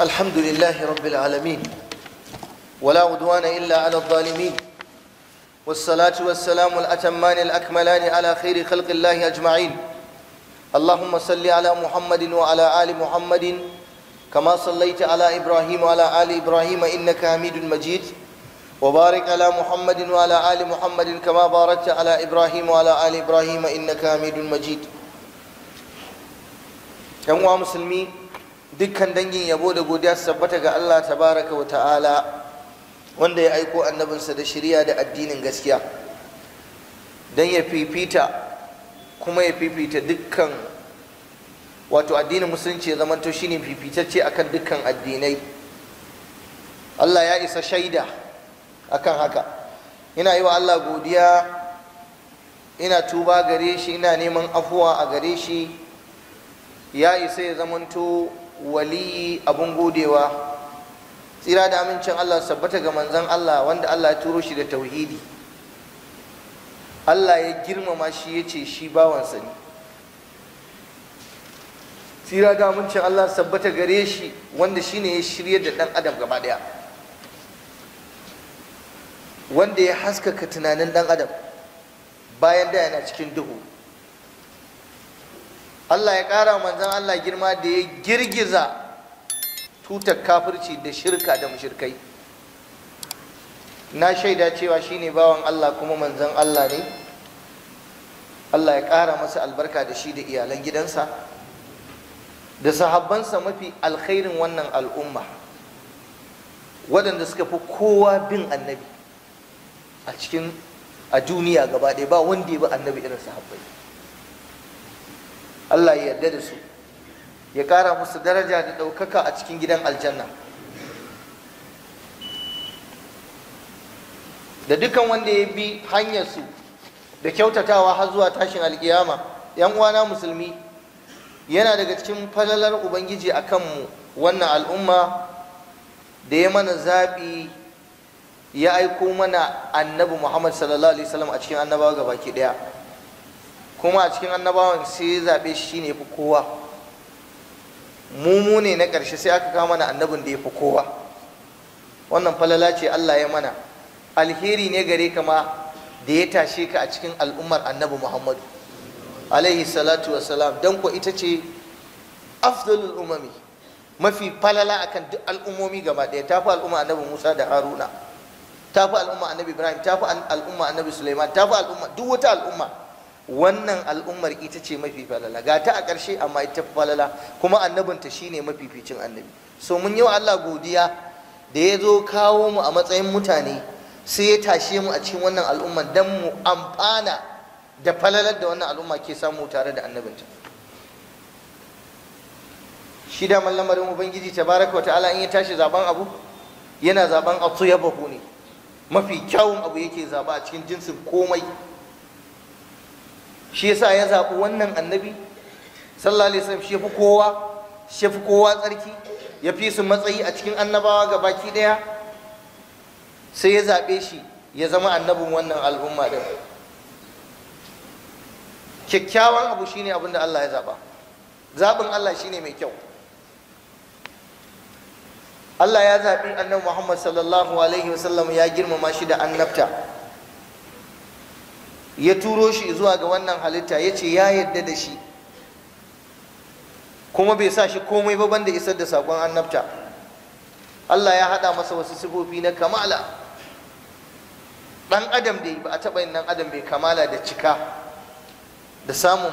الحمد لله رب العالمين ولا عدوان إلا على الظالمين والصلاة والسلام الأتمان الأكملان على خير خلق الله أجمعين اللهم صل على محمد وعلى آل محمد كما صليت على إبراهيم وعلى آل إبراهيم إنك حميد مجيد وبارك على محمد وعلى آل محمد كما باركت على إبراهيم وعلى آل إبراهيم إنك حميد مجيد يا مسلمين dukkan dangin yabo da godiya su tabbata ga Allah Ta baraka wa ta'ala wanda ya aiko annabinsa da shirya da addinin gaskiya don ya fifita kuma ya fifita dukkan wato addinin musulunci ya zamanto shine fifitacce akan dukkan addinai Allah ya isa shaida akan haka ina yi wa Allah godiya ina tuba gare shi ina neman afuwa a gare shi ya isa ya zamanto waliyi abun godewa tsira da amincin Allah sabbata ga manzan Allah wanda Allah ya turo shi da tauhidi Allah ya girmama shi ya ce shi bawansa ne tsira da amincin Allah sabbata gare shi wanda shi ne ya shirya da ɗan adam gaba ɗaya wanda ya haskaka tunanin ɗan adam bayan da yana cikin duhu Allah ya ƙara manzan Allah girma da ya girgiza tutar kafirci da shirka da mushirkai na shaida cewa shi ne bawan Allah kuma manzan Allah ne Allah ya ƙara masa albarka da shi da iyalan gidansa da sahabbansa mafi alkhairin wannan al'umma waɗanda suka fi kowa bin annabi a cikin a duniya gaba ɗaya ba wanda ya bi annabi irin sahabbai Allah ya yarda da su ya kara musu daraja da ɗaukaka a cikin gidan aljanna da dukan wanda ya bi hanyarsu da kyautatawa har zuwa tashin alkiyama yan uwana musulmi yana daga cikin falalar ubangiji a kanmu wannan al'umma da ya mana zaɓi ya aiko mana annabi muhammad sallallahu alaihi wasallam a cikin annabawa gabaki ɗaya kuma a cikin annabawan sai ya zaɓe shi ne fi kowa mu ne na ƙarshe sai aka kawo mana annabin da ya fi kowa wannan falala ce Allah ya mana alheri ne gare kama da ya tashe ka a cikin al'ummar annabi Muhammadu alaihi salatu salam. don ko ita ce afdalul umami mafi falala akan duk al'ummomi gaba ɗaya ta fi al'umma annabi Musa da Haruna ta fi al'umma annabi Ibrahim ta fi al'umma annabi Suleiman, ta fi al'umma duk wata al'umma wannan al'ummar ita ce mafi falala ga ta a ƙarshe amma ita falala kuma annabinta shine mafificin annabi so mun yi wa Allah godiya da ya zo kawo mu a matsayin mutane sai ya tashe mu a cikin wannan al'umma don mu amfana da falalar da wannan al'umma ke samu tare da annabinta shi da lamarin ubangiji tabaraka ta'ala in ya tashi zaben abu yana zaben atsuyabahu ne mafi kyawun abu yake zaba a cikin jinsin komai shi yasa ya zaɓi wannan annabi sallallahu alaihi wasallam shi fi kowa shi fi kowa tsarki ya fi su matsayi a cikin annabawa ga baki ɗaya sai ya zaɓe shi ya zama annabin wannan al'umma din kyakkyawan abu shine abin da Allah ya zaɓa zaɓin Allah shine mai kyau Allah ya zaɓi annabi Muhammad sallallahu alaihi wasallam ya girmama shi da annabta ya turo shi zuwa ga wannan halitta ya ce ya yadda da shi kuma bai sa shi komai ba banda isar da sakon annabta Allah ya haɗa masa wasu sifofi na kamala ɗan adam da ba a taɓa yin ɗan adam bai kamala da cika da samun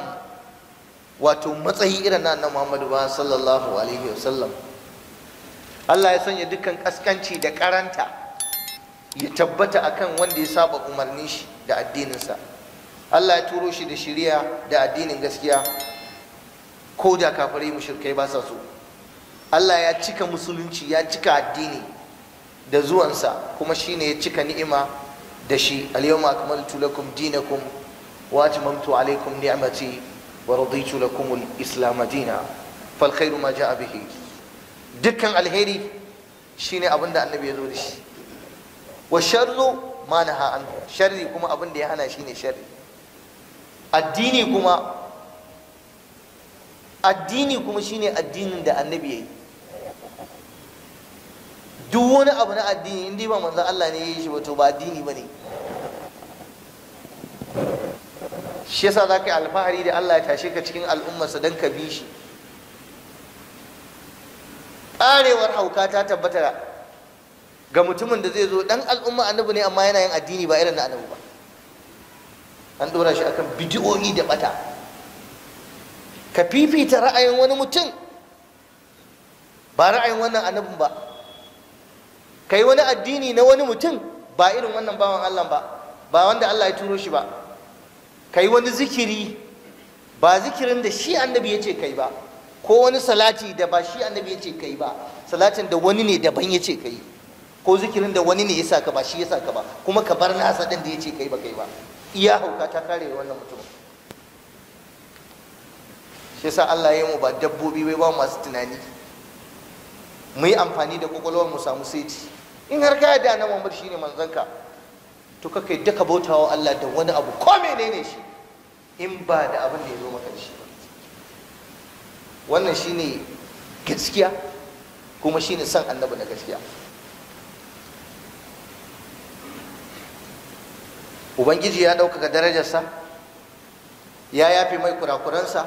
wato matsayi irin na annabi Muhammadu ba sallallahu alaihi wasallam Allah ya sanya dukkan kaskanci da karanta ya tabbata akan wanda ya saba umarnin shi da addininsa Allah ya turo shi da shiriya da addinin gaskiya ko da kafirai mushrikai ba sa so Allah ya cika musulunci ya cika addini da zuwansa kuma shine ya cika ni'ima da shi al-yawma akmaltu lakum dinakum wa atmamtu alaykum ni'mati wa raditu lakum al-islam dina fal khairu ma ja'a bihi dukkan alheri shine abinda annabi ya zo da shi wa sharru ma naha anhu sharri kuma abinda ya hana shine sharri addini kuma addini kuma shine addinin da annabi ya yi duk wani abu na addini in ba manzan Allah ne ya yi shi ba to ba addini ba ne shi yasa za ka yi alfahari da Allah ya tashe ka cikin al'ummarsa don ka bi shi ƙarewar hauka ta tabbata ga mutumin da zai zo ɗan al'umma annabi ne amma yana yin addini ba irin na annabi ba an dora shi akan bidiyoyi da bata ka fifita ra'ayin wani mutum ba ra'ayin wannan annabin ba ka yi wani addini na wani mutum ba irin wannan bawan Allah ba ba wanda Allah ya turo shi ba ka yi wani zikiri ba zikirin da shi annabi ya ce kai ba ko wani salati da ba shi annabi ya ce kai ba salatin da wani ne daban ya ce kai ko zikirin da wani ne ya saka ba shi ya saka ba kuma ka bar nasa din da ya ce kai ba kai ba iya hauka ta kare wannan mutum. shi sa Allah ya mu ba dabbobi wai ba masu tunani mu yi amfani da kwakwalwar mu samu saiti in har ka yadda annabi Muhammad shine manzanka to ka kai daka bautawa Allah da wani abu ko menene shi in ba da abin da ya zo maka shi ba wannan shine gaskiya kuma shine son annabi na gaskiya ubangiji ya ɗaukaka darajarsa ya yafe mai kurakuransa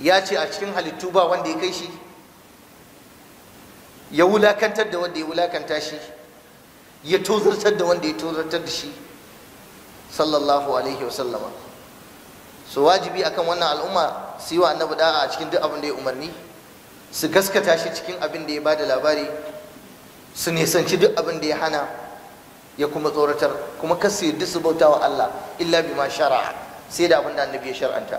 ya ce a cikin halittu ba wanda ya kai shi ya wulakantar da wanda ya wulakanta shi ya tozartar da wanda ya tozartar da shi sallallahu alaihi wasallama so wajibi akan wannan al'umma su yi wa annabi da'a a cikin duk abin da ya umarni su gaskata shi cikin abin da ya ba da labari su nisanci duk abin da ya hana ya kuma tsoratar kuma kasu yadda su bauta wa Allah illa bima shara'a sai da abin da annabi ya shar'anta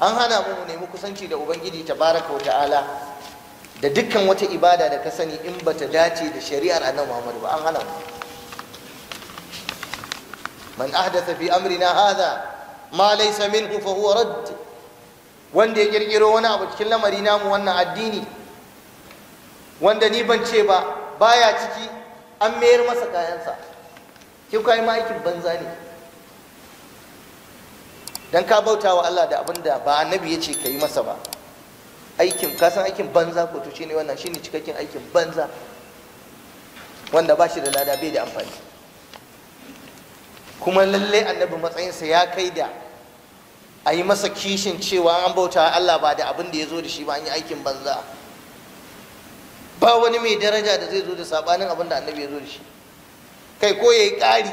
an hana mu nemi kusanci da ubangiji tabaraka wa ta'ala da dukkan wata ibada da ka sani in bata dace da shari'ar annabi Muhammad ba an hana mu man ahdatha fi amrina hadha ma laysa minhu fa huwa radd wanda ya kirkiro wani abu cikin lamari namu wannan addini wanda ni ban ce ba baya ciki an mayar masa kayansa ki kai ma aikin banza ne dan ka bauta wa Allah da abin da ba annabi ya ce ka yi masa ba aikin ka aikin banza ko to shine wannan shine cikakken aikin banza wanda ba shi da lada bai da amfani kuma lalle annabi matsayinsa ya kai da a yi masa kishin cewa an bauta Allah ba da abin da ya zo da shi ba an yi aikin banza ba wani mai daraja da zai zo da sabanin abin da annabi ya zo da shi kai ko ya yi ƙari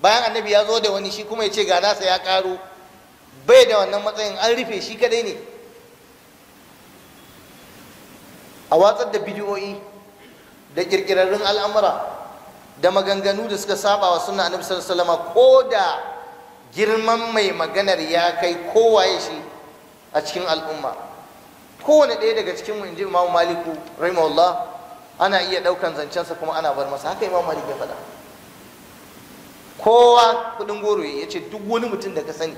bayan annabi ya zo da wani shi kuma ya ce ga nasa ya ƙaro bai da wannan matsayin an rufe shi kadai ne a watsar da bidiyoyi da ƙirƙirarrun al'amura da maganganu da suka saba wa suna annabi sallallahu ko da girman mai maganar ya kai kowaye shi a cikin al'umma kowane ɗaya daga cikinmu in ji imamu maliku rahimahullah ana iya ɗaukan zancensa kuma ana bar masa haka imamu malik ya faɗa kowa kuɗin goro ya ce duk wani mutum da ka sani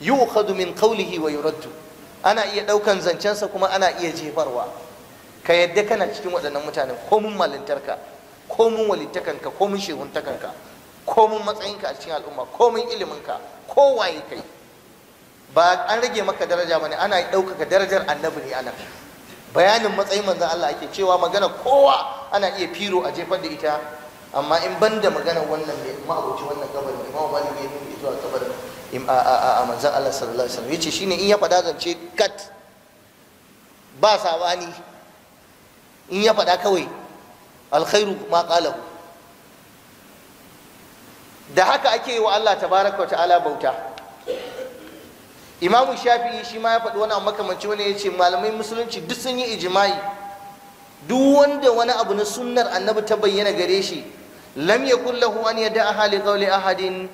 yu'khadhu min qawlihi wa yuraddu ana iya ɗaukan zancensa kuma ana iya jefarwa ka yadda kana cikin waɗannan mutane mun malintarka komun walittakanka komun shehuntakanka mun matsayinka a cikin al'umma mun iliminka kowaye kai ba an rage maka daraja bane ana ɗaukaka darajar annabi ne anan bayanin matsayin manzon Allah ake cewa magana kowa ana iya firo a jefar da ita amma in banda magana wannan mai ma'abuci wannan kabarin imamu malik ya nuna zuwa kabarin a manzon Allah sallallahu alaihi wasallam yace shine in ya fada zance kat ba sabani in ya fada kawai alkhairu ma qalahu da haka ake yi wa Allah ta ta'ala bauta imamu shafi'i shi ma ya faɗi wani abu makamanci wani ya ce malamai musulunci duk sun yi ijimai duk wanda wani abu na sunnar annabi ta bayyana gare shi lam yakun lahu an yada ahali qawli ahadin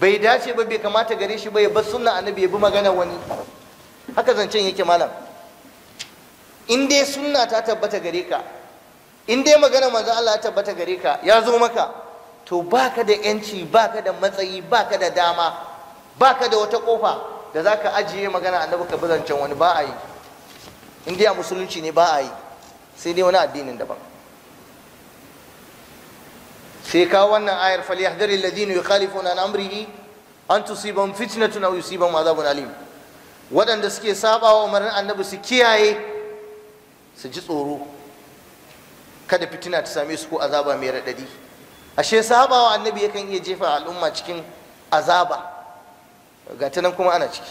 bai dace ba bai kamata gare shi ba ya bar annabi ya bi magana wani haka zancen yake malam in dai sunna ta tabbata gare ka in dai magana manzo Allah ta tabbata gare ka ya zo maka to baka da yanci baka da matsayi baka da dama Ba ka da wata kofa da za ka ajiye magana annabi ka bi wani ba a yi indiya musulunci ne ba a yi sai dai wani addinin daban sai ka wannan ayar falyahdari alladhina yukhalifuna an amrihi an tusibahum fitnatun aw yusibahum adhabun alim waɗanda suke sabawa umarnin annabi su kiyaye su ji tsoro kada fitina ta same su ko azaba mai radadi. ashe sabawa annabi yakan iya jefa al'umma cikin azaba ga ta nan kuma ana ciki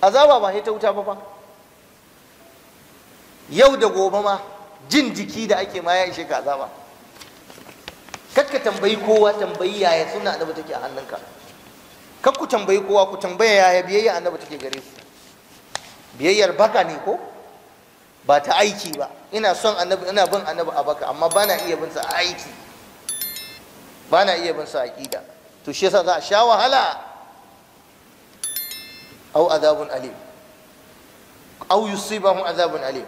azaba ba ta wuta ba fa yau da gobe ma jin jiki da ake ma ya ishe ka azaba kakka tambayi kowa tambayi yaya suna annabi take a hannunka kakku ku tambayi kowa ku tambaya yaya biyayya annabi take gare ku biyayyar baka ne ko ba ta aiki ba ina son annabi ina bin annabi a baka amma bana iya bin sa a aiki bana iya bin sa aqida to shi yasa za a sha wahala aw azabun alim aw yusibahum azabun alim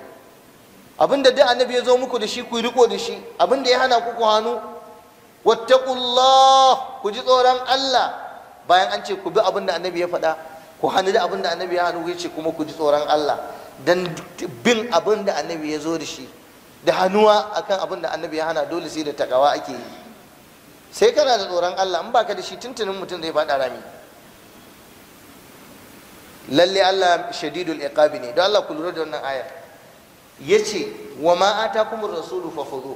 abinda duk annabi ya zo muku da shi ku riko da shi abinda ya hana ku ku hannu wattaqullah ku ji tsoron Allah bayan an ce ku bi abinda annabi ya faɗa ku hannu da abinda annabi ya hannu ce kuma ku ji tsoron Allah dan bin abinda annabi ya zo da shi da hannuwa akan abinda annabi ya hana dole sai da takawa ake yi sai kana da tsoron Allah in baka da shi tuntunin mutum zai faɗa rami lalle Allah shadidul iqabi ne don Allah ku lura da wannan aya yace wa ma atakumur rasulu fa khudhu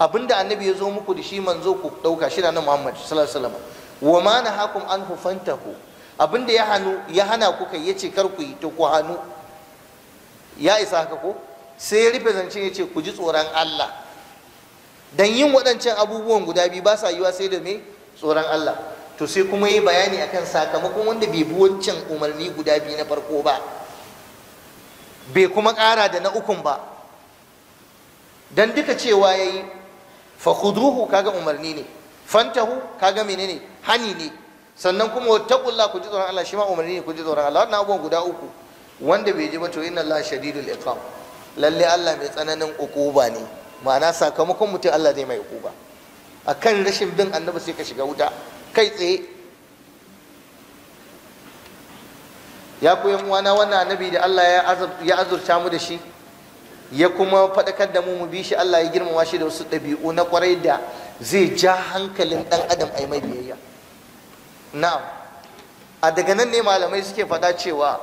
abinda annabi ya zo muku da shi manzo ku dauka shi nan Muhammad sallallahu alaihi wasallam wa ma nahakum anhu fantahu abinda ya hanu ya hana ku kai yace kar ku yi to ku hanu ya isa haka ko sai ya rufe zance yace ku ji tsoron Allah dan yin waɗancan abubuwan guda biyu ba sa yiwa sai da me tsoron Allah to sai kuma yi bayani akan sakamakon wanda bai bi wancan umarni guda biyu na farko ba bai kuma ƙara da na ukun ba don duka cewa ya yi fahuduhu kaga umarni ne fantahu kaga menene hani ne sannan kuma wattaqullah ku ji tsoron Allah shi ma umarni ne ku ji tsoron Allah wannan abubuwan guda uku wanda bai ji ba to inna Allah shadidul iqam lalle Allah mai tsananin ukuba ne ma'ana sakamakon mutum Allah zai mai ukuba akan rashin bin annabi sai ka shiga wuta kai tsaye ya koyan wana wannan annabi da Allah ya azurta mu da shi ya kuma faɗakar da mu mu bi shi Allah ya girmama shi da wasu ɗabi'u na kwarai da zai ja hankalin ɗan adam a yi mai biyayya na'am a daga nan ne malamai suke faɗa cewa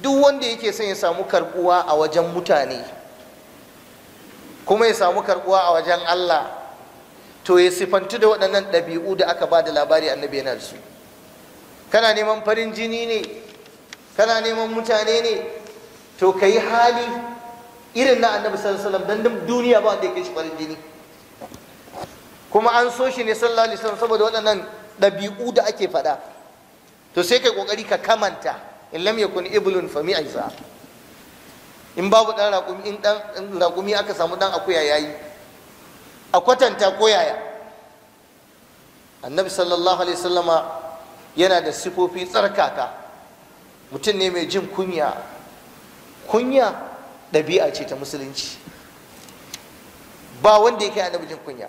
duk wanda yake son ya samu karɓuwa a wajen mutane kuma ya samu karɓuwa a wajen Allah to ya sifantu da waɗannan ɗabi'u da aka ba da labari annabi yana da su kana neman farin jini ne kana neman mutane ne to ka yi hali irin na annabi sallallahu alaihi wasallam dan duniya ba wanda yake shi farin jini kuma an so shi ne sallallahu alaihi wasallam saboda waɗannan ɗabi'u da ake faɗa to sai kai kokari ka kamanta in lam yakun iblun fa mi'aiza in babu dan raƙumi in dan raƙumi aka samu dan akuya yayi a kwatanta ko yaya annabi sallallahu alaihi wasallama yana da sifofi tsarkaka mutum ne mai jin kunya kunya ɗabi'a ce ta musulunci ba wanda yake annabi jin kunya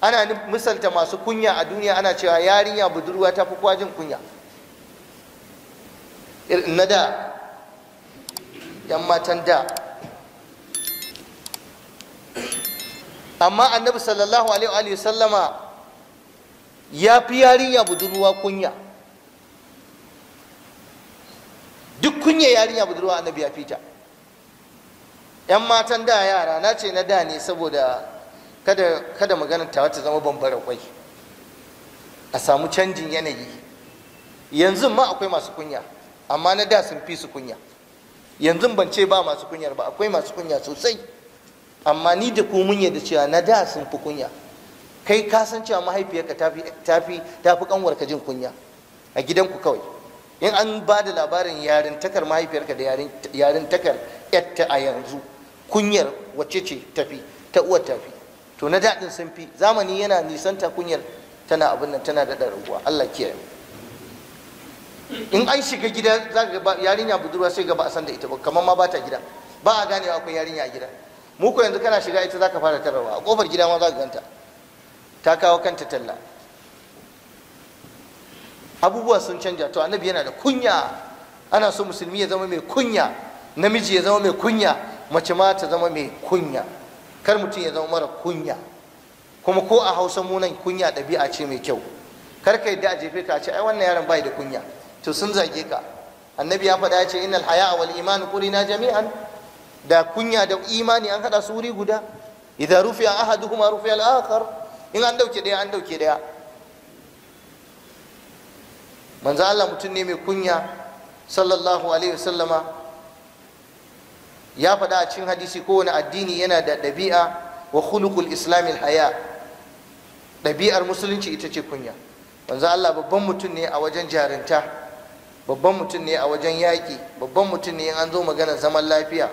ana misalta masu kunya a duniya ana cewa yarinya budurwa ta fi kowa jin kunya irin na da yan matan da amma annabi sallallahu alaihi wa sallama ya fi yarinya budurwa kunya duk kunya yarinya budurwa annabi ya fita yan matan da yara na ce na da ne saboda kada kada maganar ta wata zama bambara kwai a samu canjin yanayi yanzu ma akwai masu kunya amma na da sun fi su kunya yanzu ban ce ba masu kunyar ba akwai masu kunya sosai amma ni da ku mun yadda cewa na da sun fi kunya kai ka san cewa mahaifiyarka ta fi ta fi ta fi kanwarka jin kunya a gidanku kawai in an ba da labarin yarintakar mahaifiyarka da yarintakar yatta a yanzu kunyar wacce ce tafi ta uwar tafi to na daɗin sun fi zamani yana nisan ta kunyar tana abin nan tana da raguwa Allah kiyaye in an shiga gida za ga yarinya budurwa sai ga ba a san da ita ba kamar ma ba ta gida ba a ganewa akwai yarinya a gida mu yanzu kana shiga ita zaka fara tarrawa a kofar gida ma za ka ganta ta kawo kanta talla abubuwa sun canja to annabi yana da kunya ana so musulmi ya zama mai kunya namiji ya zama mai kunya mace ma ta zama mai kunya kar mutum ya zama mara kunya kuma ko a hausa munan kunya ɗabi'a ce mai kyau kar ka yadda a jefe ka a ce ai wannan yaron bai da kunya to sun zage ka annabi ya faɗa ya ce innal haya wal iman na jami'an da kunya da imani an hada su wuri guda idan rufi an ahadu kuma rufi al'akar in an dauke daya an dauke daya manzo Allah mutum ne mai kunya sallallahu alaihi wasallama ya faɗa a cikin hadisi kowane addini yana da ɗabi'a wa khuluqul islam haya ɗabi'ar musulunci ita ce kunya manzo Allah babban mutum ne a wajen jarinta babban mutum ne a wajen yaƙi babban mutum ne in an zo maganar zaman lafiya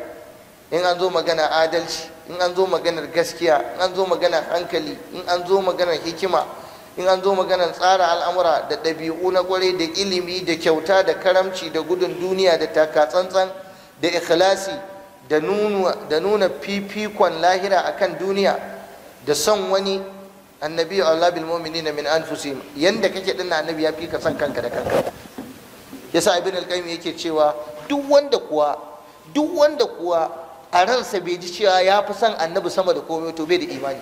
in an zo magana adalci in an zo maganar gaskiya in an zo maganar hankali in an zo maganar hikima in an zo maganar tsara al'amura da ɗabi'u na kwarai da ilimi da kyauta da karamci da gudun duniya da takatsantsan da ikhlasi da nuna fifikon lahira a kan duniya da son wani annabi Allah bil mu'minina min anfusihim yanda kake dinna annabi ya fi ka san kanka da kanka yasa ibn al-qayyim yake cewa duk wanda kuwa duk wanda kuwa a ransa bai ji cewa ya fi son annabi sama da komai to bai da imani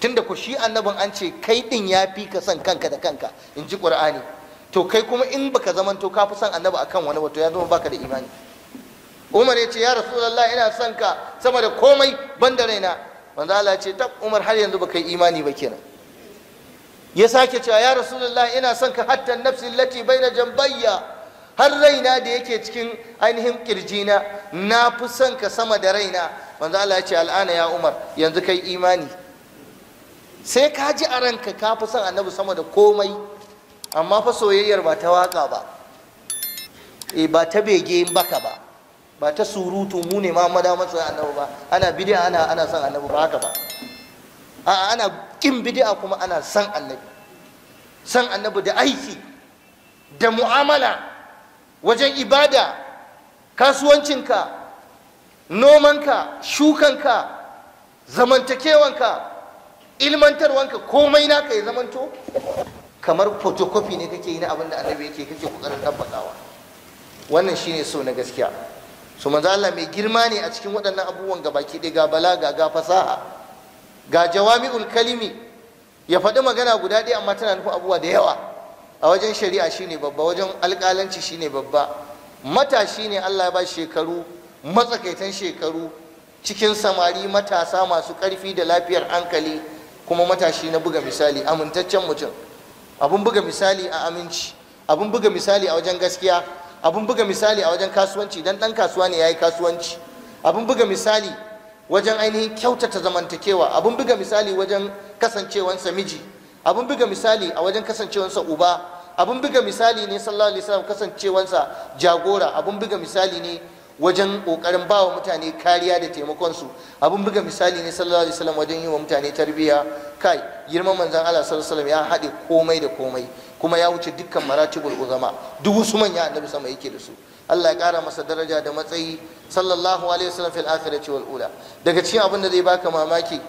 tunda ku shi annabin an ce kai din ya fi ka son kanka da kanka in ji qur'ani to kai kuma in baka to ka fi son annabi akan wani wato ya zama baka da imani umar ya ce ya rasulullah ina son ka sama da komai ban da raina manzo Allah ya ce tab umar har yanzu baka yi imani ba kenan ya sake cewa ya rasulullah ina son ka hatta nafsi lati baina jambayya har raina da yake cikin ainihin kirjina na fi son ka sama da raina manzo Allah ya ce al'ana ya Umar yanzu kai imani sai ka ji a ranka ka fi son annabi sama da komai amma fa soyayyar ba ta waka ba e ba ta bege baka ba ba ta surutu mu ne ma mada masu annabi ba ana bid'a ana ana son annabi ba haka ba a'a ana kin bid'a kuma ana son annabi son annabi da aiki da mu'amala wajen ibada kasuwancinka nomanka shukanka zamantakewanka ilmantarwanka komai naka ya zamanto kamar photocopy ne kake yi na abin da annabi yake kake kokarin tabbatawa wannan shine so na gaskiya so manzo Allah mai girma ne a cikin waɗannan abubuwan ga baki ɗaya ga balaga ga fasaha ga jawami'ul kalimi ya faɗi magana guda ɗaya amma tana nufin abubuwa da yawa a wajen shari'a shine babba wajen alƙalanci shine babba matashi ne Allah ba shekaru matsakaitan shekaru cikin samari matasa masu ƙarfi da lafiyar hankali kuma matashi na buga misali amintaccen mutum abun buga misali a aminci abun buga misali a wajen gaskiya abin buga misali a wajen kasuwanci dan ɗan kasuwa ne yayi kasuwanci abun buga misali wajen ainihin kyautata zamantakewa abin buga misali wajen kasancewansa miji abin buga misali a wajen kasancewansa uba abin buga misali ne sallallahu alaihi wasallam kasancewansa jagora abin buga misali ne wajen kokarin ba wa mutane kariya da taimakon su abin buga misali ne sallallahu alaihi wasallam wajen yi wa mutane tarbiyya kai girman manzon Allah sallallahu alaihi wasallam ya haɗe komai da komai kuma ya wuce dukkan maratibul uzama duk wasu manya annabi sama yake da su Allah ya kara masa daraja da matsayi sallallahu alaihi wasallam fil akhirati wal ula daga cikin abin da zai baka mamaki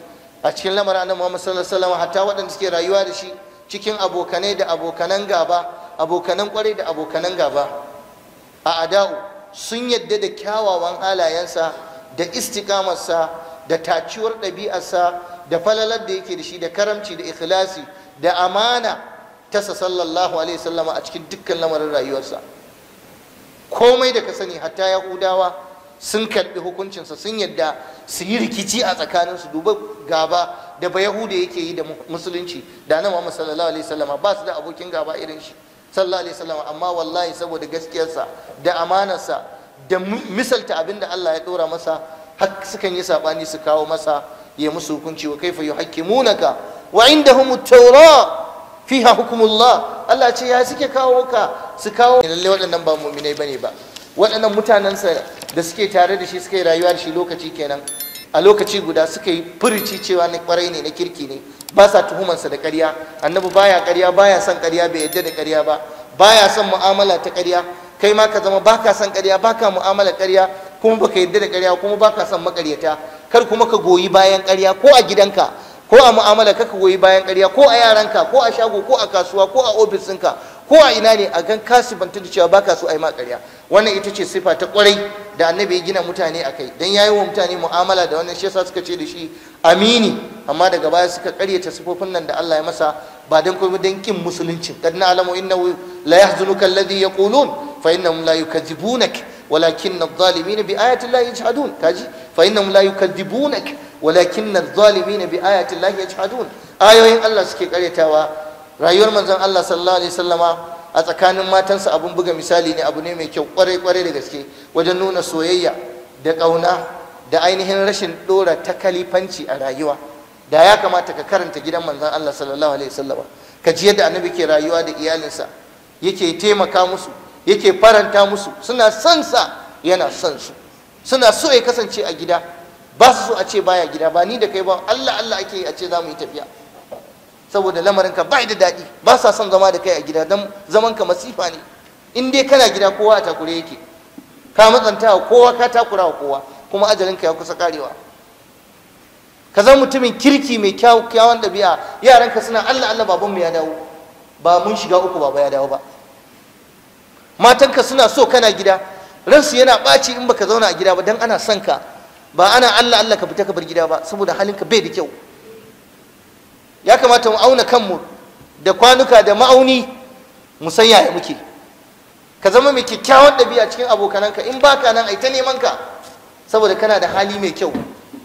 a cikin lamarin annabi Muhammad sallallahu alaihi wasallam hatta waɗanda suke rayuwa da shi cikin abokanai da abokanan gaba abokanan kwarai da abokanan gaba a ada'u sun yadda da kyawawan halayensa da sa da taciwar ɗabi'arsa da falalar da yake da shi da karamci da ikhlasi da amana tasa sallallahu alaihi wasallam a cikin dukkan lamarin rayuwarsa komai da ka sani hatta yahudawa sun karbi hukuncinsa sun yadda su yi rikici a tsakaninsu duba gaba da ba yahuda yake yi da musulunci da na muhammad sallallahu alaihi wasallama ba su da abokin gaba irin shi sallallahu alaihi wasallama amma wallahi saboda gaskiyarsa da amanarsa da misalta abin da Allah ya dora masa har sukan yi sabani su kawo masa ya musu hukunci wa kaifa yuhakkimunaka wa indahum at-taura fiha hukmullah Allah ce ya suke kawo ka su kawo lalle waɗannan ba mu'minai bane ba waɗannan mutanensa da suke tare da shi suka yi rayuwa da shi lokaci kenan a lokaci guda suka yi furici cewa na kwarai ne na kirki ne ba sa tuhumansa da ƙarya annabi baya ƙarya baya son ƙarya bai yadda da ƙarya ba baya son mu'amala ta ƙarya kai ma ka zama baka son ƙarya baka mu'amala ƙarya kuma baka yadda da ƙarya kuma baka son maƙaryata kar kuma ka goyi bayan ƙarya ko a gidanka ko a mu'amala ka goyi bayan ƙarya ko a yaranka ko a shago ko a kasuwa ko a ofis ɗinka ko a ina ne a gan kasibanta da cewa baka so a yi ma ƙarya wannan ita ce sifa ta kwarai da annabi ya gina mutane a kai don ya yi wa mutane mu'amala da wannan shi yasa suka ce da shi amini amma daga baya suka karyata sifofin nan da Allah ya masa ba don kuma don kin musulunci kad na alamu innahu la yahzunuka alladhi yaqulun fa innahum la yukadzibunak walakin adh-dhalimin bi ayati llahi yajhadun kaji fa innahum la yukadzibunak walakin adh-dhalimin bi ayati llahi yajhadun ayoyin Allah suke karyatawa rayuwar manzon Allah sallallahu alaihi wasallama a tsakanin matansa abun buga misali ne abu ne mai kyau kwarai kwarai da gaske wajen nuna soyayya da ƙauna da ainihin rashin ɗora ta kalifanci a rayuwa da ya kamata ka karanta gidan manzon Allah sallallahu alaihi wasallama ka ji yadda annabi ke rayuwa da iyalinsa yake taimaka musu yake faranta musu suna son sa yana son su suna so ya kasance a gida ba su so a ce baya gida ba ni da kai ba Allah Allah ake a ce za mu yi tafiya saboda lamarinka bai da daɗi ba sa son zama da kai a gida don zaman ka masifa ne in dai kana gida kowa a takure yake ka matsanta wa kowa ka takura wa kowa kuma ajalinka ya kusa karewa ka zama mutumin kirki mai kyawun ɗabi'a yaranka suna allah allah babanmu ya dawo ba mun shiga uku baba ya dawo ba matanka suna so kana gida ransu yana ɓaci in baka zauna a gida ba don ana son ka ba ana allah allah ka fita ka bar gida ba saboda halinka bai da kyau ya kamata mu auna kanmu da kwanuka da ma'auni mu san yaya muke ka zama mai kyakkyawan ɗabi'a cikin abokananka in baka nan ai ta neman ka saboda kana da hali mai kyau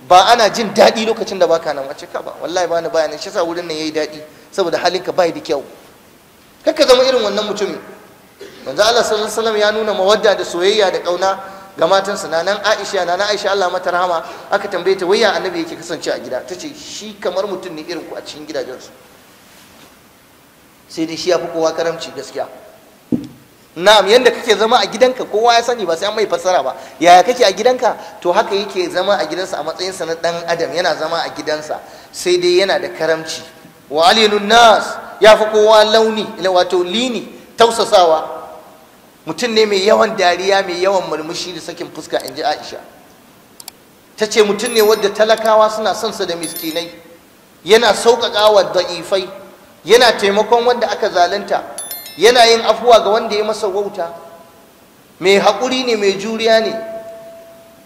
ba ana jin daɗi lokacin da baka nan a ce ka ba wallahi ba ni ba shi sa wurin nan yayi daɗi saboda halinka bai da kyau Kar ka zama irin wannan mutumin manzo Allah sallallahu alaihi wasallam ya nuna mawadda da soyayya da kauna ga matansa na nan aisha na aisha Allah mata rahama aka tambaye ta waya annabi yake kasance a gida ta ce shi kamar mutum ne irin ku a cikin gidajensu sai dai shi ya fi kowa karamci gaskiya na'am yanda kake zama a gidanka kowa ya sani ba sai an mai fassara ba yaya kake a gidanka to haka yake zama a gidansa a matsayinsa na dan adam yana zama a gidansa sai dai yana da karamci wa alilun nas ya fi kowa launi wato lini tausasawa mutum ne mai yawan dariya mai yawan murmushi da sakin fuska in ji aisha ta ce mutum ne wadda talakawa suna son sa da miskinai yana sauƙaƙa wa da'ifai yana taimakon wanda aka zalunta yana yin afuwa ga wanda ya masa wauta mai haƙuri ne mai juriya ne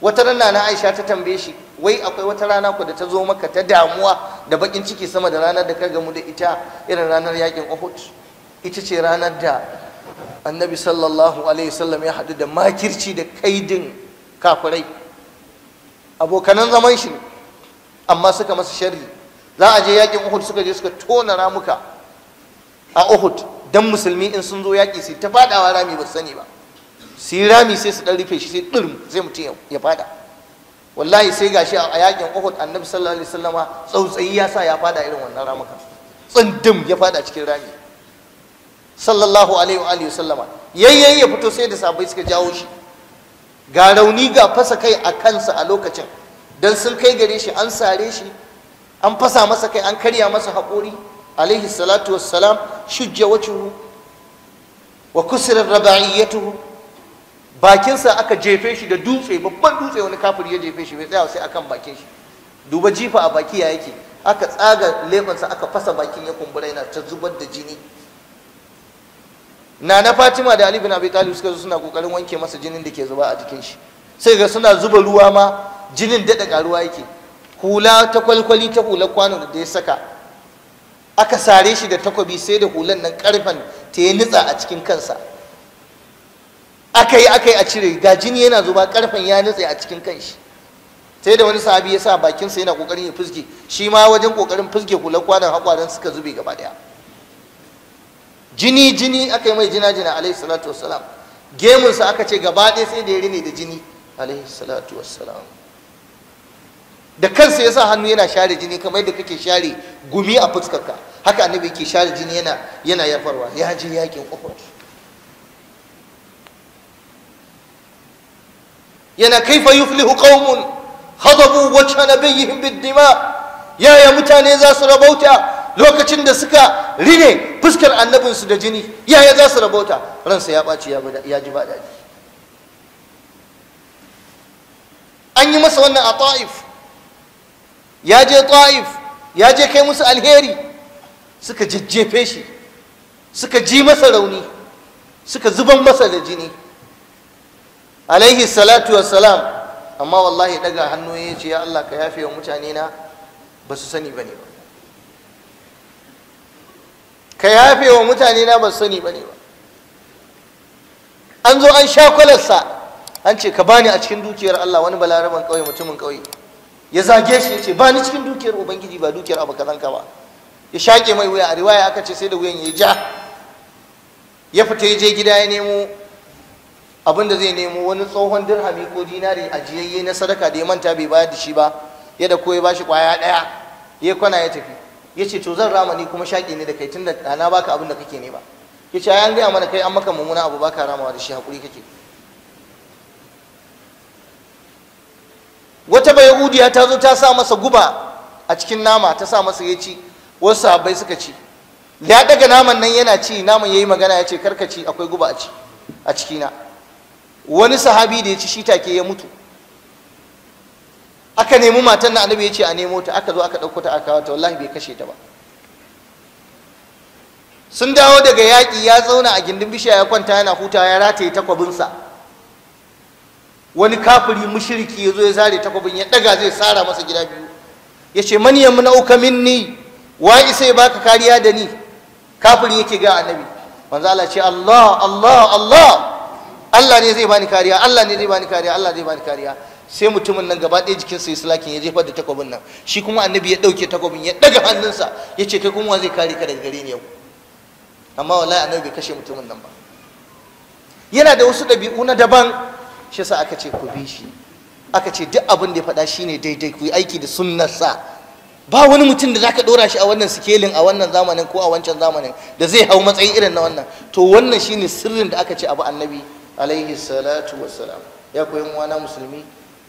wata rana na aisha ta tambaye shi wai akwai wata rana ku da ta zo maka ta damuwa da bakin ciki sama da ranar da ka gamu da ita irin ranar yakin uhud ita ce ranar da annabi sallallahu alaihi wasallam ya haɗu da makirci da kaidin kafirai abokanan zaman shi ne amma suka masa sharri za a je yakin uhud suka je suka tona ramuka a uhud dan musulmi in sun zo yaƙi sai ta fadawa rami ba sani ba su yi rami sai su ɗan rufe shi sai ɗirin zai mutum ya fada wallahi sai gashi a yakin uhud annabi sallallahu alaihi wasallama tsautsayi ya sa ya fada irin wannan ramuka tsindim ya fada cikin rami sallallahu alaihi wa alihi sallama yayyayi ya fito sai da sabai suka jawo shi ga rauni ga fasa kai a kansa a lokacin dan sun kai gare shi an sare shi an fasa masa kai an karya masa haƙuri. alaihi salatu wassalam shujja wacuhu wa kusirar raba'iyyatuhu bakinsa aka jefe shi da dutse babban dutse wani kafir ya jefe shi bai tsaya sai akan bakin shi duba jifa a baki ya yake aka tsaga lebansa aka fasa bakin ya kumbura yana ta zubar da jini nana fatima da ali bin abi talib suka zo suna kokarin wanke masa jinin da ke zuba a jikin shi sai ga suna zuba ruwa ma jinin daɗa ƙaruwa yake hula ta kwalkwali ta hular kwanon da ya saka aka sare shi da takobi sai da hulan nan karfen ta ya nitsa a cikin kansa aka yi aka yi a cire ga jini yana zuba karfen ya nutse a cikin kanshi sai da wani sahabi ya sa bakinsa yana kokarin ya fuske shi ma wajen kokarin fuske hular kwanon haƙwaran suka zube gaba daya jini jini aka yi mai jina jina alaihi salatu wassalam gemunsa aka ce gaba ɗaya sai da ya rine da jini alaihi salatu wassalam da kansa ya sa hannu yana share jini kamar da kake share gumi a fuskarka haka annabi ke share jini yana yana yafarwa ya je yakin uhud yana kaifa yuflihu qaumun ghadabu wajha nabiyihim bid-dima yaya mutane za su rabauta lokacin da suka rine fuskar annabinsu da jini yaya za su rabota ransa ya ɓaci ya ji ba daɗi an yi masa wannan a ta'if ya je ta'if ya je kai musu alheri suka jajjefe shi suka ji masa rauni suka zuban masa da jini alaihi salatu wassalam amma wallahi ɗaga hannu ya ce ya Allah ka yafe wa mutane na ba su sani ba ne ba ka yafe wa mutane na ba sani ba ne ba an zo an sha kwalarsa an ce ka bani a cikin dukiyar Allah wani balaraban ƙauye mutumin ƙauye ya zage shi ya ce bani cikin dukiyar ubangiji ba dukiyar abu kazanka ba ya shaƙe mai wuya a riwaya aka ce sai da wuyan ya ja ya fita ya je gida ya nemo abin da zai nemo wani tsohon dirhami ko dinari ajiyayye na sadaka da ya manta bai bayar da shi ba ya da ko ya bashi kwaya ɗaya ya kwana ya tafi ya ce to zan ramani kuma shaƙi ne da kai tun da na baka abin da kake ne ba yace ce an gaya mana kai an maka mummuna abu baka ramawa da shi hakuri kake wata bayahudiya ta zo ta sa masa guba a cikin nama ta sa masa ya ci wasu sahabbai suka ci ya daga naman nan yana ci naman ya yi magana ya ce karkaci ci akwai guba a ciki a cikina wani sahabi da ya ci shi take ya mutu aka nemi matan na annabi ya ce a nemo ta aka zo aka ɗauko ta aka wata wallahi bai kashe ta ba sun dawo daga yaƙi ya zauna a gindin bishiya ya kwanta yana huta ya rataye takwabinsa wani kafiri mushriki ya zo ya zare takwabin ya ɗaga zai tsara masa gida biyu ya ce manyan mu uka minni wa isa ya baka kariya da ni kafiri yake ga annabi manzo Allah ce Allah Allah Allah Allah ne zai bani kariya Allah ne zai bani kariya Allah zai bani kariya sai mutumin nan gaba ɗaya jikinsa ya sulakin ya jefar da takobin nan shi kuma annabi ya ɗauke takobin ya ɗaga hannunsa ya ce kai kuma zai kare ka daga gare ni yau amma wallahi annabi bai kashe mutumin nan ba yana da wasu ɗabi'u na daban shi yasa aka ce ku bi shi aka ce duk abin da ya faɗa shine daidai ku yi aiki da sunnarsa ba wani mutum da zaka ɗora shi a wannan sikelin a wannan zamanin ko a wancan zamanin da zai hau matsayin irin na wannan to wannan shine sirrin da aka ce abu annabi alaihi salatu wassalam ya koyi wana musulmi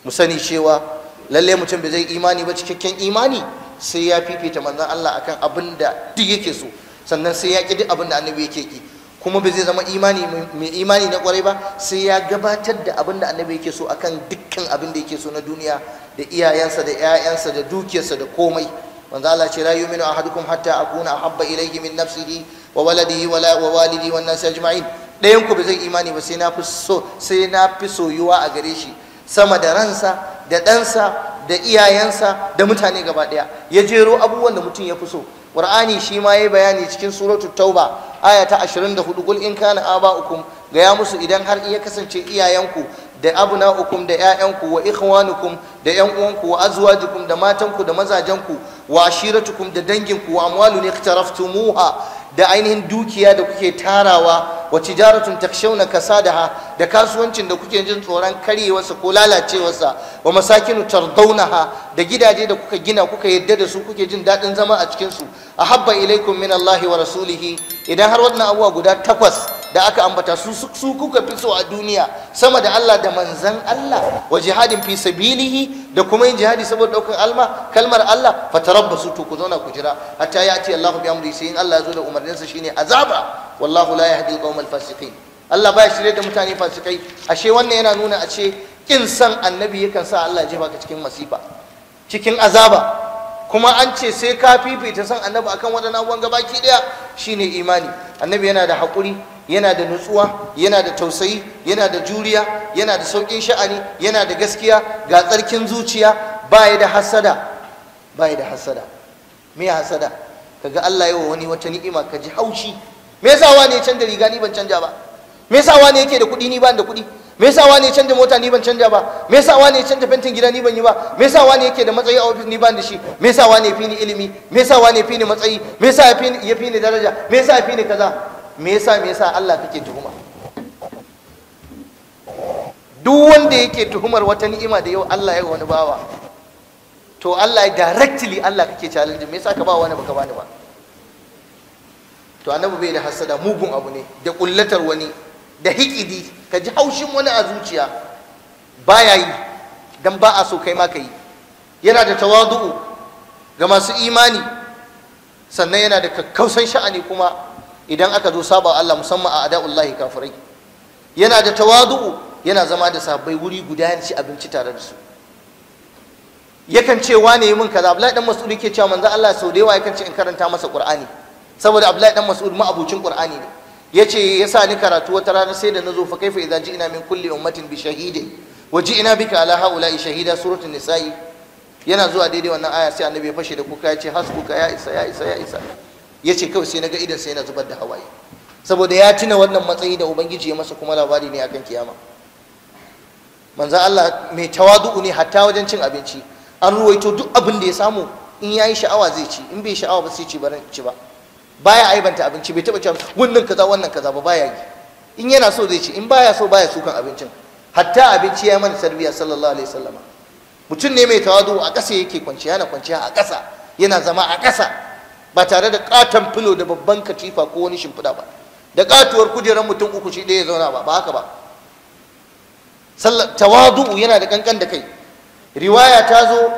Musani sani cewa lalle mutum bai zai imani ba cikakken imani sai ya fifita manzon Allah akan abin da duk yake so sannan sai ya ƙi duk abin da annabi yake ki kuma bai zai zama imani mai imani na kwarai ba sai ya gabatar da abin da annabi yake so akan dukkan abin da yake so na duniya da iyayensa da 'ya'yansa da dukiyarsa da komai manzo Allah ce rayu yu'minu ahadukum hatta akuna habba ilayhi min nafsihi wa waladihi wa wa walidi wa nas ajma'in dayan ku bai zai imani ba sai na fi so sai na fi soyuwa a gare shi sama da ransa da ɗansa da iyayensa da mutane gaba ɗaya ya jero abubuwan da mutum ya fi so ƙur'ani shi ma yayi bayani cikin suratul tauba aya ta 24 kul in kana aba'ukum ga ya musu idan har iya kasance iyayenku da abuna uku da ƴaƴanku wa ikhwanukum da ƴan uwanku wa azwajukum da matanku da mazajenku wa ashiratukum da danginku wa amwalun iktaraftumuha da ainihin dukiya da kuke tarawa wa tijaratun takshawna kasadaha da kasuwancin da kuke jin tsoron karyewarsa ko lalacewarsa wa masakinu tardawnaha da gidaje da kuka gina kuka yadda da su kuke jin daɗin zama a cikin su ahabba ilaikum minallahi wa rasulihi idan har wannan abuwa guda takwas da aka ambata su su kuka fi so a duniya sama da Allah da manzan Allah wa jihadin fi sabilihi da kuma yin jihadi saboda daukar alma kalmar Allah fa tarabbasu to ku zauna ku jira hatta ya ce Allah bi amri sai in Allah ya zo da umarninsa shine azaba wallahu la yahdi alqawm alfasiqin Allah baya shirye da mutane fasikai ashe wannan yana nuna a ce kin san annabi yakan sa Allah ya jefa ka cikin masifa cikin azaba kuma an ce sai ka fifita san annabi akan waɗannan abubuwan gabaki ɗaya shine imani annabi yana da haƙuri yana da nutsuwa yana da tausayi yana da juriya yana da sauƙin sha'ani yana da gaskiya ga tsarkin zuciya baya da hasada baya da hasada me ya hasada kaga Allah yawa wani wata ni'ima ka ji haushi me yasa wani ya canja riga ni ban canja ba me yasa wani yake da kuɗi ni ban da kuɗi me yasa wani ya canja mota ni ban canja ba me yasa wani ya canja fentin gida ni ban yi ba me yasa wani yake da matsayi a ofis ni ban da shi me yasa wani ya fi ni ilimi me yasa wani ya fi ni matsayi me yasa ya fi ni daraja me yasa ya fi ni kaza me yasa me yasa Allah kake tuhuma duk wanda yake tuhumar wata ni'ima da yau Allah ya wani bawa to Allah directly Allah kake challenge me yasa ka ba wani baka bani ba to annabi bai da hasada mugun abu ne da kullatar wani da hikidi ka ji haushin wani a zuciya baya yi dan ba a so kai ma ka yi yana da tawadu ga masu imani sannan yana da kakkausan sha'ani kuma idan aka zo saba Allah musamman a ada'ullahi kafirai yana da tawadu'u yana zama da sabai wuri guda ya ci abinci tare da su yakan ce wane yi min kaza Abdullahi dan Mas'ud yake cewa manzo Allah sau da yawa yakan ce in karanta masa Qur'ani saboda Abdullahi dan Mas'ud ma'abucin Qur'ani ne yace yasa ni karatu wata rana sai da nazo fa kaifa idza ji'na min kulli ummatin bi shahidin wa ji'na bika ala haula'i shahida suratul nisa'i yana zuwa daidai wannan aya sai annabi ya fashe da kuka yace hasbuka ya isa ya isa ya isa ya ce kawai sai na ga idan sai na zubar da hawaye saboda ya tuna wannan matsayi da ubangiji ya masa kuma labari ne akan kiyama manzan Allah mai tawadu ne hatta wajen cin abinci an ruwaito duk abin da ya samu in yayi sha'awa zai ci in bai sha'awa ba sai ci baran ci ba baya aibanta abinci bai taba cewa wannan kaza wannan kaza ba baya yi in yana so zai ci in baya so baya sukan abincin hatta abinci ya mana sarbiya sallallahu alaihi wasallam mutum ne mai tawadu a ƙasa yake kwanciya yana kwanciya a ƙasa yana zama a ƙasa ba tare da katon filo da babban katifa ko wani shimfiɗa ba da katuwar kujerar mutum uku shi ɗaya zauna ba ba haka ba tawadu'u yana da kankan da kai riwaya ta zo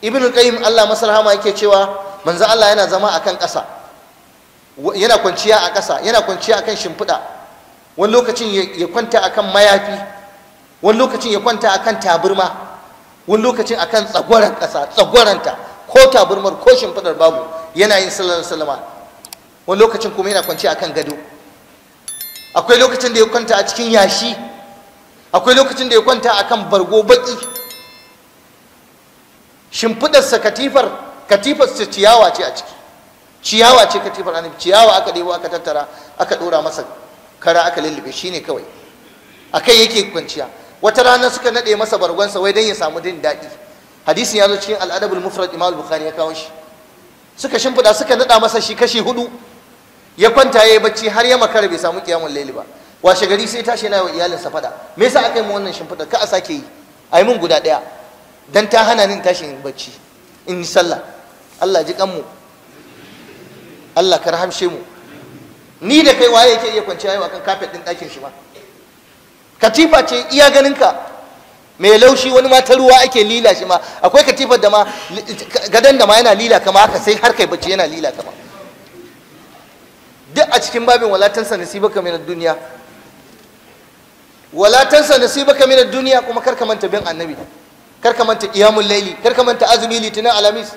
ibn qayyim Allah masarhama yake cewa manzo Allah yana zama akan ƙasa yana kwanciya a ƙasa yana kwanciya akan shimfiɗa wani lokacin ya kwanta akan mayafi wani lokacin ya kwanta akan tabarma wani lokacin akan tsagwaran ƙasa tsagwaranta ko taburmar ko shimfiɗar babu yana yin sallar sallama wani lokacin kuma yana kwanci akan gado akwai lokacin da ya kwanta a cikin yashi akwai lokacin da ya kwanta akan bargo baki sa katifar sa ciyawa ce a ciki ciyawa ce katifar annabi ciyawa aka ɗebo aka tattara aka ɗora masa kara aka lullube shi ne kawai akai yake kwanciya wata rana suka naɗe masa bargonsa wai don ya samu jin daɗi hadisin ya zo cikin al'adabul mufrad imam bukhari ya kawo shi suka shimfiɗa suka naɗa masa shi kashi hudu ya kwanta ya yi bacci har ya makara bai samu kiyamun laili ba washe gari sai tashi yana wa iyalinsa faɗa me yasa aka yi mu wannan shimfiɗa ka a sake yi a yi mun guda ɗaya dan ta hana ni tashi in bacci in yi sallah Allah ji kanmu Allah ka rahamshe mu ni da kai waye yake iya kwanciya yau akan kafet ɗin ɗakin shi ba katifa ce iya ganinka mai laushi wani ma ta ruwa ake lila shi ma akwai katifar da ma gadon da ma yana lila kama haka sai har kai bacci yana lila kama duk a cikin babin walatansa nasibaka minad duniya walatansa nasibaka minad duniya kuma kar ka manta bin annabi kar ka manta qiyamul laili kar ka manta azumi litinin alamis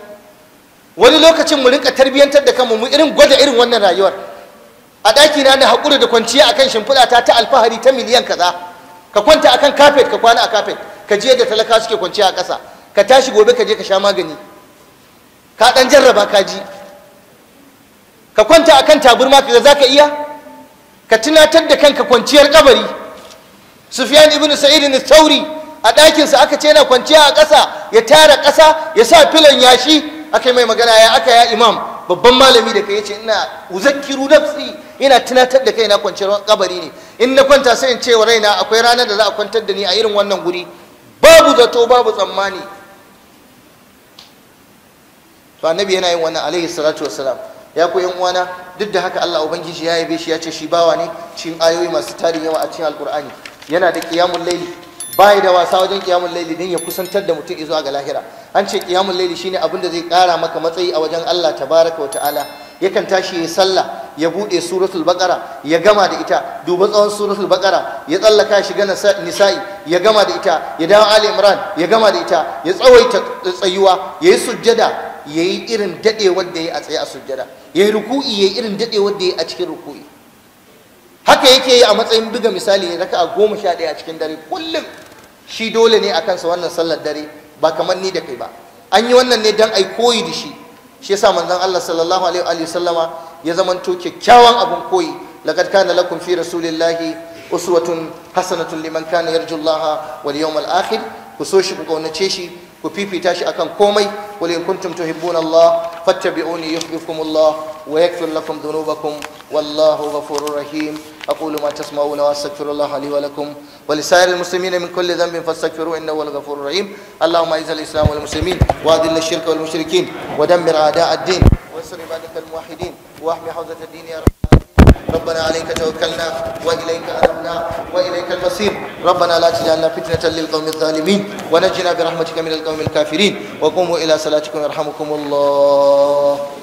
wani lokacin mu rinka tarbiyantar da kanmu mu irin gwada irin wannan rayuwar a ɗaki na na haƙura da kwanciya akan shimfiɗa ta ta alfahari ta miliyan kaza ka kwanta akan kafet ka kwana a kafet ka je da talaka suke kwanciya a ƙasa ka tashi gobe ka je ka sha magani ka ɗan jarraba ka ji ka kwanta akan taburma ka za ka iya ka tunatar da kanka kwanciyar kabari sufyan ibn sa'id ne tauri a ɗakinsa aka ce yana kwanciya a ƙasa ya tara ƙasa ya sa filon yashi aka yi mai magana ya aka ya imam babban malami da kai ce ina uzakkiru nafsi ina tunatar da kai na kwanciyar kabari ne in na kwanta sai in ce wa raina akwai ranar da za a kwantar da ni a irin wannan guri babu zato babu tsammani to annabi yana yin wannan alaihi salatu wassalam ya ku yan uwana duk da haka Allah ubangiji ya yabe shi ya ce shi bawa ne cikin ayoyi masu tarin yawa a cikin alkur'ani yana da qiyamul layli bai da wasa wajen qiyamul layli din ya kusantar da mutum zuwa ga lahira an ce qiyamul layli shine abin da zai kara maka matsayi a wajen Allah tabaraka wa ta'ala yakan tashi ya sallah ya buɗe suratul baqara ya gama da ita duba tsawon suratul baqara ya tsallaka shiga nisa'i ya gama da ita ya dawo ali imran ya gama da ita ya tsawaita tsayuwa yayi sujjada yayi irin dadewar da yayi a tsaye a sujjada yayi ruku'i yayi irin dadewar da yayi a cikin ruku'i haka yake yi a matsayin buga misali a goma sha ɗaya a cikin dare kullum shi dole ne a kansa wannan sallar dare ba kamar ni da kai ba an yi wannan ne don ai koyi da shi shi yasa manzon Allah sallallahu alaihi wa sallama ya zamanto kyakkyawan abun koyi laqad kana lakum fi rasulillahi uswatun hasanatun liman kana yarjullaha wal yawmal akhir ku so shi ku kaunace shi ku fifita shi akan komai wal in kuntum tuhibbuna Allah fattabi'uni yuhibbukum Allah wa yaghfir lakum dhunubakum wallahu ghafurur rahim أقول ما تسمعون وأستغفر الله لي ولكم ولسائر المسلمين من كل ذنب فاستغفروه إنه هو الغفور الرحيم اللهم أعز الإسلام والمسلمين وأذل الشرك والمشركين ودمر أعداء الدين وانصر عبادك الموحدين واحمي حوزة الدين يا رب ربنا عليك توكلنا وإليك أنبنا وإليك المصير ربنا لا تجعلنا فتنة للقوم الظالمين ونجنا برحمتك من القوم الكافرين وقوموا إلى صلاتكم يرحمكم الله